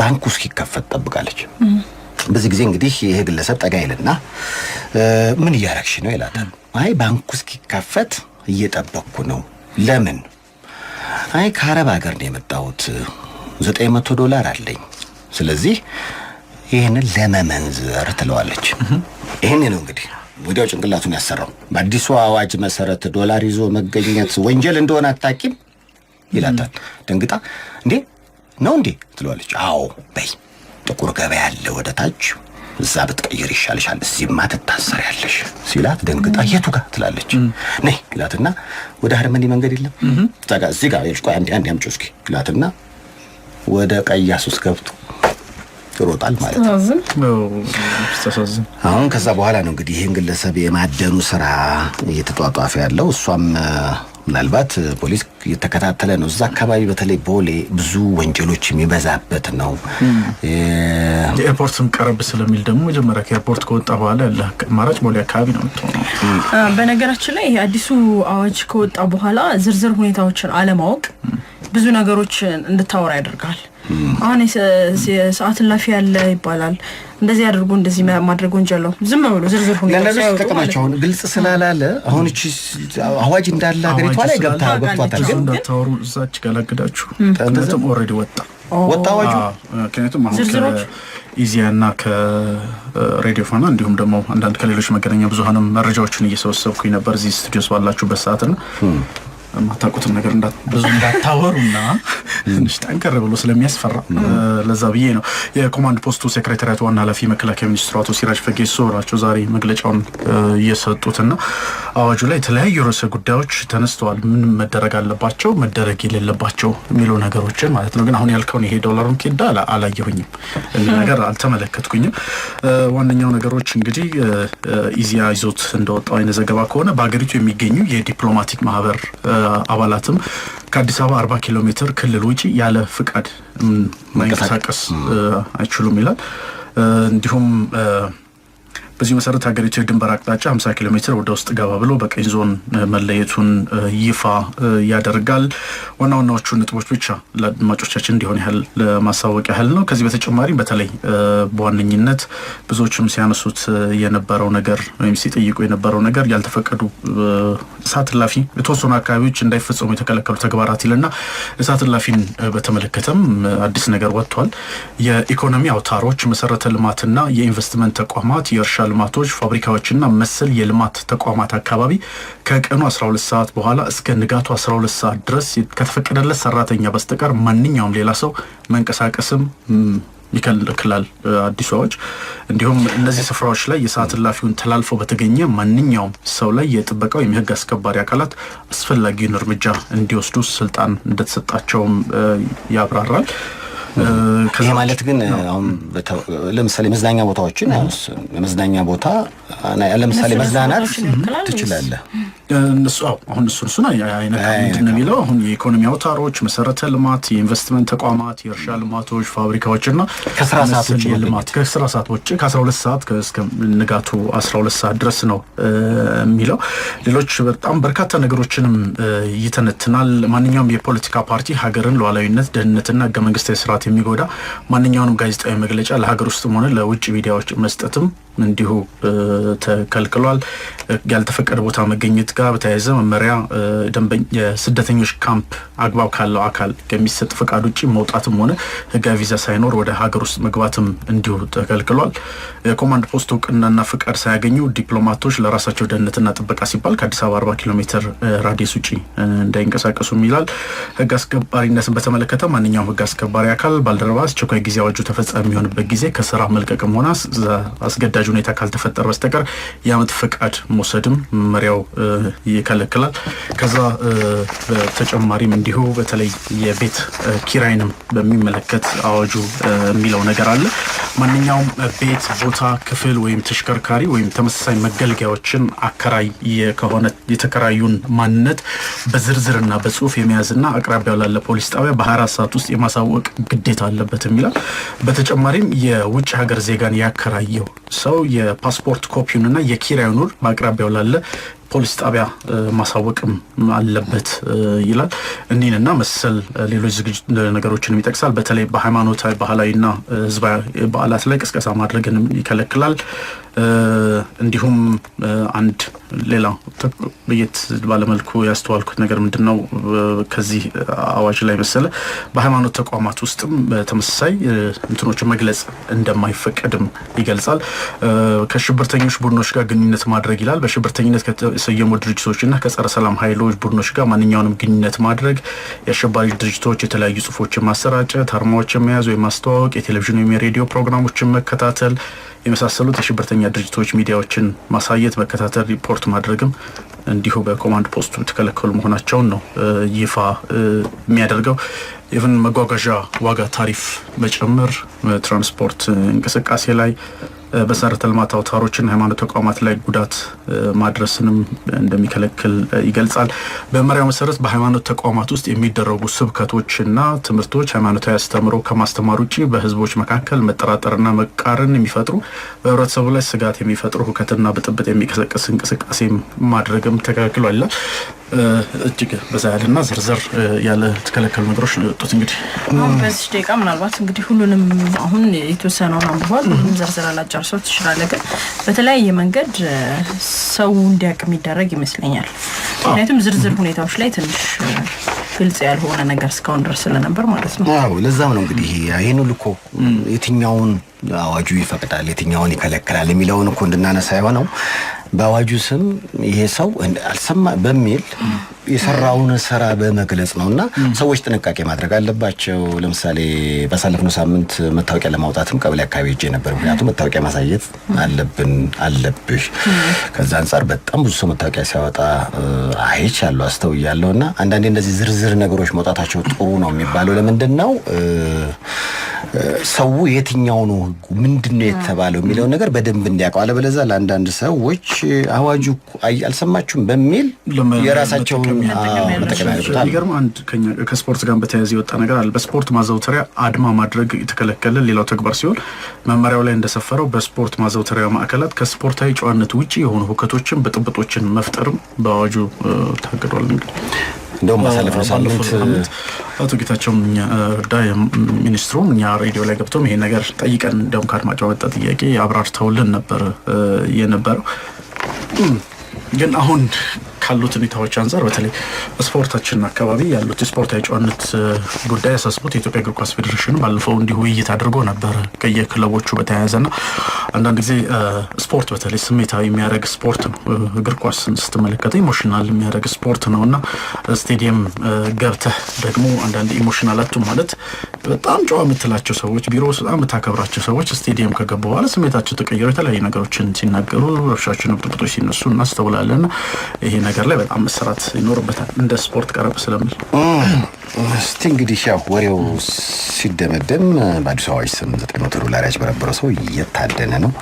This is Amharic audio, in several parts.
ባንኩ እስኪከፈት ጠብቃለች። በዚህ ጊዜ እንግዲህ ይሄ ግለሰብ ጠጋ ይልና ምን እያረግሽ ነው ይላታል። አይ ባንኩ እስኪከፈት እየጠበቅኩ ነው። ለምን? አይ ከአረብ ሀገር ነው የመጣሁት ዘጠኝ መቶ ዶላር አለኝ። ስለዚህ ይህንን ለመመንዘር ትለዋለች። ይህን ነው እንግዲህ ወዲያው ጭንቅላቱን ያሰራው። በአዲሱ አዋጅ መሰረት ዶላር ይዞ መገኘት ወንጀል እንደሆነ አታቂም ይላታል። ደንግጣ እንዴ ነው እንዴ ትለዋለች። አዎ በይ ጥቁር ገበያ ያለ ወደ ታች እዛ ብትቀይር ይሻልሻል፣ እዚህማ ያለሽ ሲላት ደንግጣ የቱ ጋር ትላለች። ነይ ይላትና ወደ ሀርመኒ መንገድ የለም እዛ ጋር እዚህ ጋር ቆይ አንዴ አንዴ አምጪው እስኪ ይላትና ወደ ቀያሱስ ገብቶ ይሮጣል ማለት ነው። አሁን ከዛ በኋላ ነው እንግዲህ ይህን ግለሰብ የማደኑ ስራ እየተጧጧፈ ያለው እሷም ምናልባት ፖሊስ የተከታተለ ነው። እዛ አካባቢ በተለይ ቦሌ ብዙ ወንጀሎች የሚበዛበት ነው። የኤርፖርትም ቀረብ ስለሚል ደግሞ መጀመሪያ ከኤርፖርት ከወጣ በኋላ ያለ አማራጭ ቦሌ አካባቢ ነው የምትሆነው። በነገራችን ላይ አዲሱ አዋጅ ከወጣ በኋላ ዝርዝር ሁኔታዎችን አለማወቅ ብዙ ነገሮች እንድታወራ ያደርጋል። አሁን ሰዓት ላፊ ያለ ይባላል። እንደዚህ አድርጎ እንደዚህ ማድረግ ወንጀለው ዝም ብሎ ዝርዝር ሁኔታ ጥቅማቸው አሁን ግልጽ ስላላለ አሁን እቺ አዋጅ እንዳለ ሀገሪቷ ላይ ገብታ ገብቷታል። ግን እንዳታወሩ እዛች ጋላግዳችሁ ትምህርትም ኦልሬዲ ወጣ ወጣ አዋጁ። ምክንያቱም አሁን ከኢዚያ እና ከሬዲዮ ፋና እንዲሁም ደግሞ አንዳንድ ከሌሎች መገናኛ ብዙሀንም መረጃዎችን እየሰበሰብኩኝ ነበር እዚህ ስቱዲዮስ ባላችሁበት ሰዓት ና የማታውቁትን ነገር ብዙ እንዳታወሩና ትንሽ ጠንከር ብሎ ስለሚያስፈራ ለዛ ብዬ ነው። የኮማንድ ፖስቱ ሴክሬታሪያት ዋና ኃላፊ መከላከያ ሚኒስትሩ አቶ ሲራጅ ፈጌሶ ናቸው ዛሬ መግለጫውን እየሰጡትና አዋጁ ላይ የተለያዩ ርዕሰ ጉዳዮች ተነስተዋል። ምን መደረግ አለባቸው፣ መደረግ የሌለባቸው የሚሉ ነገሮችን ማለት ነው። ግን አሁን ያልከውን ይሄ ዶላሩን ኬዳ አላየሁኝም፣ ነገር አልተመለከትኩኝም። ዋነኛው ነገሮች እንግዲህ ኢዚያ ይዞት እንደወጣው አይነት ዘገባ ከሆነ በሀገሪቱ የሚገኙ የዲፕሎማቲክ ማህበር አባላትም ከአዲስ አበባ አርባ ኪሎ ሜትር ክልል ውጪ ያለ ፍቃድ መንቀሳቀስ አይችሉም ይላል። እንዲሁም በዚህ መሰረት ሀገሪቱ የድንበር አቅጣጫ 50 ኪሎ ሜትር ወደ ውስጥ ገባ ብሎ በቀኝ ዞን መለየቱን ይፋ ያደርጋል። ዋና ዋናዎቹ ነጥቦች ብቻ ለአድማጮቻችን እንዲሆን ያህል ለማሳወቅ ያህል ነው። ከዚህ በተጨማሪ በተለይ በዋነኝነት ብዙዎችም ሲያነሱት የነበረው ነገር ወይም ሲጠይቁ የነበረው ነገር ያልተፈቀዱ እሳት እላፊ የተወሰኑ አካባቢዎች እንዳይፈጸሙ የተከለከሉ ተግባራት ይልና እሳት እላፊን በተመለከተም አዲስ ነገር ወጥቷል። የኢኮኖሚ አውታሮች፣ መሰረተ ልማትና የኢንቨስትመንት ተቋማት፣ የእርሻ ልማቶች፣ ፋብሪካዎችና መሰል የልማት ተቋማት አካባቢ ከቀኑ 12 ሰዓት በኋላ እስከ ንጋቱ 12 ሰዓት ድረስ ከተፈቀደለት ሰራተኛ በስተቀር ማንኛውም ሌላ ሰው መንቀሳቀስም ይከልክላል አዲሱ አዋጅ። እንዲሁም እነዚህ ስፍራዎች ላይ የሰዓት እላፊውን ተላልፎ በተገኘ ማንኛውም ሰው ላይ የጥበቃው የህግ አስከባሪ አካላት አስፈላጊውን እርምጃ እንዲወስዱ ስልጣን እንደተሰጣቸውም ያብራራል። ይህ ማለት ግን አሁን ለምሳሌ መዝናኛ ቦታዎችን መዝናኛ ቦታ ለምሳሌ መዝናናት ትችላለህ። እሱ አሁን እሱ እሱን አይነት ነው የሚለው አሁን የኢኮኖሚ አውታሮች፣ መሰረተ ልማት፣ የኢንቨስትመንት ተቋማት፣ የእርሻ ልማቶች፣ ፋብሪካዎች እና ከስራ ሰዓቶች ልማት ከስራ ሰዓት ውጭ ከ12 ሰዓት እስከ ንጋቱ 12 ሰዓት ድረስ ነው የሚለው። ሌሎች በጣም በርካታ ነገሮችንም ይተነትናል። ማንኛውም የፖለቲካ ፓርቲ ሀገርን ሉዓላዊነት፣ ደህንነትና ህገ መንግስታዊ ስርዓት የሚጎዳ ማንኛውንም ጋዜጣዊ መግለጫ ለሀገር ውስጥም ሆነ ለውጭ ሚዲያዎች መስጠትም እንዲሁ ተከልክሏል። ያልተፈቀደ ቦታ መገኘት ጋር በተያያዘ መመሪያ የስደተኞች ካምፕ አግባብ ካለው አካል ከሚሰጥ ፈቃድ ውጭ መውጣትም ሆነ ህጋዊ ቪዛ ሳይኖር ወደ ሀገር ውስጥ መግባትም እንዲሁ ተከልክሏል። የኮማንድ ፖስት እውቅናና ፍቃድ ሳያገኙ ዲፕሎማቶች ለራሳቸው ደህንነትና ጥበቃ ሲባል ከአዲስ አበባ አርባ ኪሎ ሜትር ራዲየስ ውጭ እንዳይንቀሳቀሱም ይላል። ህግ አስከባሪነትን በተመለከተ ማንኛውም ህግ አስከባሪ አካል ባልደረባ አስቸኳይ ጊዜ አዋጁ ተፈጻሚ የሚሆንበት ጊዜ ከስራ መልቀቅም ሆነ አስገዳጅ ሁኔታ ካልተፈጠረ በስተቀር የአመት ፈቃድ መውሰድም መመሪያው ይከለክላል። ከዛ በተጨማሪም እንዲሁ በተለይ የቤት ኪራይንም በሚመለከት አዋጁ የሚለው ነገር አለ። ማንኛውም ቤት፣ ቦታ፣ ክፍል ወይም ተሽከርካሪ ወይም ተመሳሳይ መገልገያዎችን አከራይ ከሆነ የተከራዩን ማንነት በዝርዝርና በጽሁፍ የመያዝና አቅራቢያው ላለ ፖሊስ ጣቢያ በ24 ሰዓት ውስጥ የማሳወቅ ግዴታ አለበት የሚላል። በተጨማሪም የውጭ ሀገር ዜጋን ያከራየው ሰው የፓስፖርት ኮፒውንና የኪራዩን በአቅራቢያው ላለ ፖሊስ ጣቢያ ማሳወቅም አለበት ይላል። እኒህንና መሰል ሌሎች ዝግጅት ነገሮችንም ይጠቅሳል። በተለይ በሃይማኖታዊ ባህላዊና ህዝባዊ በዓላት ላይ ቅስቀሳ ማድረግንም ይከለክላል። እንዲሁም አንድ ሌላ ለየት ባለመልኩ ያስተዋልኩት ነገር ምንድን ነው ከዚህ አዋጅ ላይ መሰለ በሃይማኖት ተቋማት ውስጥም በተመሳሳይ እንትኖች መግለጽ እንደማይፈቀድም ይገልጻል። ከሽብርተኞች ቡድኖች ጋር ግንኙነት ማድረግ ይላል። በሽብርተኝነት ከተሰየሙ ድርጅቶች እና ከጸረ ሰላም ኃይሎች ቡድኖች ጋር ማንኛውንም ግንኙነት ማድረግ፣ የአሸባሪ ድርጅቶች የተለያዩ ጽሁፎችን ማሰራጨት፣ አርማዎችን መያዝ ወይም ማስተዋወቅ፣ የቴሌቪዥን ወይም የሬዲዮ ፕሮግራሞችን መከታተል የመሳሰሉት የሽብርተኛ ድርጅቶች ሚዲያዎችን ማሳየት፣ መከታተል፣ ሪፖርት ማድረግም እንዲሁ በኮማንድ ፖስቱ የተከለከሉ መሆናቸውን ነው ይፋ የሚያደርገው። ኢቨን መጓጓዣ ዋጋ ታሪፍ መጨመር፣ ትራንስፖርት እንቅስቃሴ ላይ መሰረተ ልማት አውታሮችን፣ ሃይማኖት ተቋማት ላይ ጉዳት ማድረስንም እንደሚከለክል ይገልጻል። በመመሪያው መሰረት በሃይማኖት ተቋማት ውስጥ የሚደረጉ ስብከቶችና ትምህርቶች ሃይማኖታዊ አስተምሮ ከማስተማር ውጭ በህዝቦች መካከል መጠራጠርና መቃረን የሚፈጥሩ በህብረተሰቡ ላይ ስጋት የሚፈጥሩ ሁከትና ብጥብጥ የሚቀሰቅስ እንቅስቃሴ ማድረግም ተከልክሏል ይላል። እጅግ በዛ ያለና ዝርዝር ያለ ተከለከሉ ነገሮች የወጡት እንግዲህ አሁን በዚህ ደቂቃ ምናልባት እንግዲህ ሁሉንም አሁን የተወሰነውን አንብቧል። ሁሉም ዝርዝር አላጨርሰው ትችላለ። ግን በተለያየ መንገድ ሰው እንዲያውቅ የሚደረግ ይመስለኛል። ምክንያቱም ዝርዝር ሁኔታዎች ላይ ትንሽ ግልጽ ያልሆነ ነገር እስካሁን ድረስ ስለነበር ማለት ነው። አዎ ለዛም ነው እንግዲህ ይህን ሁሉ የትኛውን አዋጁ ይፈቅዳል፣ የትኛውን ይከለክላል የሚለውን እኮ እንድናነሳ የሆነው በአዋጁ ስም ይሄ ሰው አልሰማ በሚል የሰራውን ስራ በመግለጽ ነው እና ሰዎች ጥንቃቄ ማድረግ አለባቸው። ለምሳሌ ባሳለፍነው ሳምንት መታወቂያ ለማውጣትም ቀበሌ አካባቢ ሄጄ ነበር። ምክንያቱም መታወቂያ ማሳየት አለብን አለብሽ። ከዛ አንጻር በጣም ብዙ ሰው መታወቂያ ሲያወጣ አይቻለሁ፣ አስተውያለሁ። እና አንዳንዴ እነዚህ ዝርዝር ነገሮች መውጣታቸው ጥሩ ነው የሚባለው ለምንድን ነው ሰው የትኛው ነው ህጉ ምንድን ነው የተባለው የሚለውን ነገር በደንብ እንዲያውቀው። አለበለዚያ ለአንዳንድ ሰዎች አዋጁ አልሰማችሁም በሚል የራሳቸውን መጠቀም የሚገርም አንድ ከስፖርት ጋር በተያያዘ የወጣ ነገር አለ። በስፖርት ማዘውተሪያ አድማ ማድረግ የተከለከለ ሌላው ተግባር ሲሆን መመሪያው ላይ እንደሰፈረው በስፖርት ማዘውተሪያ ማዕከላት ከስፖርታዊ ጨዋነት ውጭ የሆኑ ሁከቶችን ብጥብጦችን መፍጠርም በአዋጁ ታግዷል። እንግዲህ እንደውም ማሳለፍ ነው ሳምንት አቶ ጌታቸው ረዳ ሚኒስትሩ እኛ ሬዲዮ ላይ ገብቶም ይሄን ነገር ጠይቀን እንደውም ከአድማጫ በመጣ ጥያቄ አብራርተውልን ነበር የነበረው ግን አሁን ካሉት ሁኔታዎች አንጻር በተለይ ስፖርታችን አካባቢ ያሉት የስፖርታዊ ጨዋነት ጉዳይ አሳስቦት የኢትዮጵያ እግር ኳስ ፌዴሬሽን ባለፈው እንዲሁ ውይይት አድርጎ ነበር ከየክለቦቹ በተያያዘና አንዳንድ ጊዜ ስፖርት በተለይ ስሜታዊ የሚያደረግ ስፖርት ነው። እግር ኳስን ስትመለከተ ኢሞሽናል የሚያደርግ ስፖርት ነው እና ስቴዲየም ገብተህ ደግሞ አንዳንድ ኢሞሽናል አቱ ማለት በጣም ጨዋ የምትላቸው ሰዎች ቢሮ ውስጥ በጣም የምታከብራቸው ሰዎች ስቴዲየም ከገቡ በኋላ ስሜታቸው ተቀይሮ የተለያዩ ነገሮችን ሲናገሩ፣ ረብሻቸው፣ ብጥብጦች ሲነሱ እናስተውላለን ይሄ ነገር ላይ በጣም መሰራት ይኖርበታል። እንደ ስፖርት ቀረብ ስለምል እስቲ እንግዲህ ያው ወሬው ሲደመደም በአዲሱ አዋጅ ስም ዘጠኝ መቶ ዶላር ያጭበረበረው ሰው እየታደነ ነው።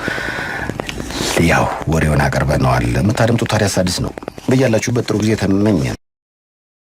ያው ወሬውን አቅርበነዋል። የምታደምጡት ታዲያ አዲስ ነው። በያላችሁበት ጥሩ ጊዜ ተመኘን።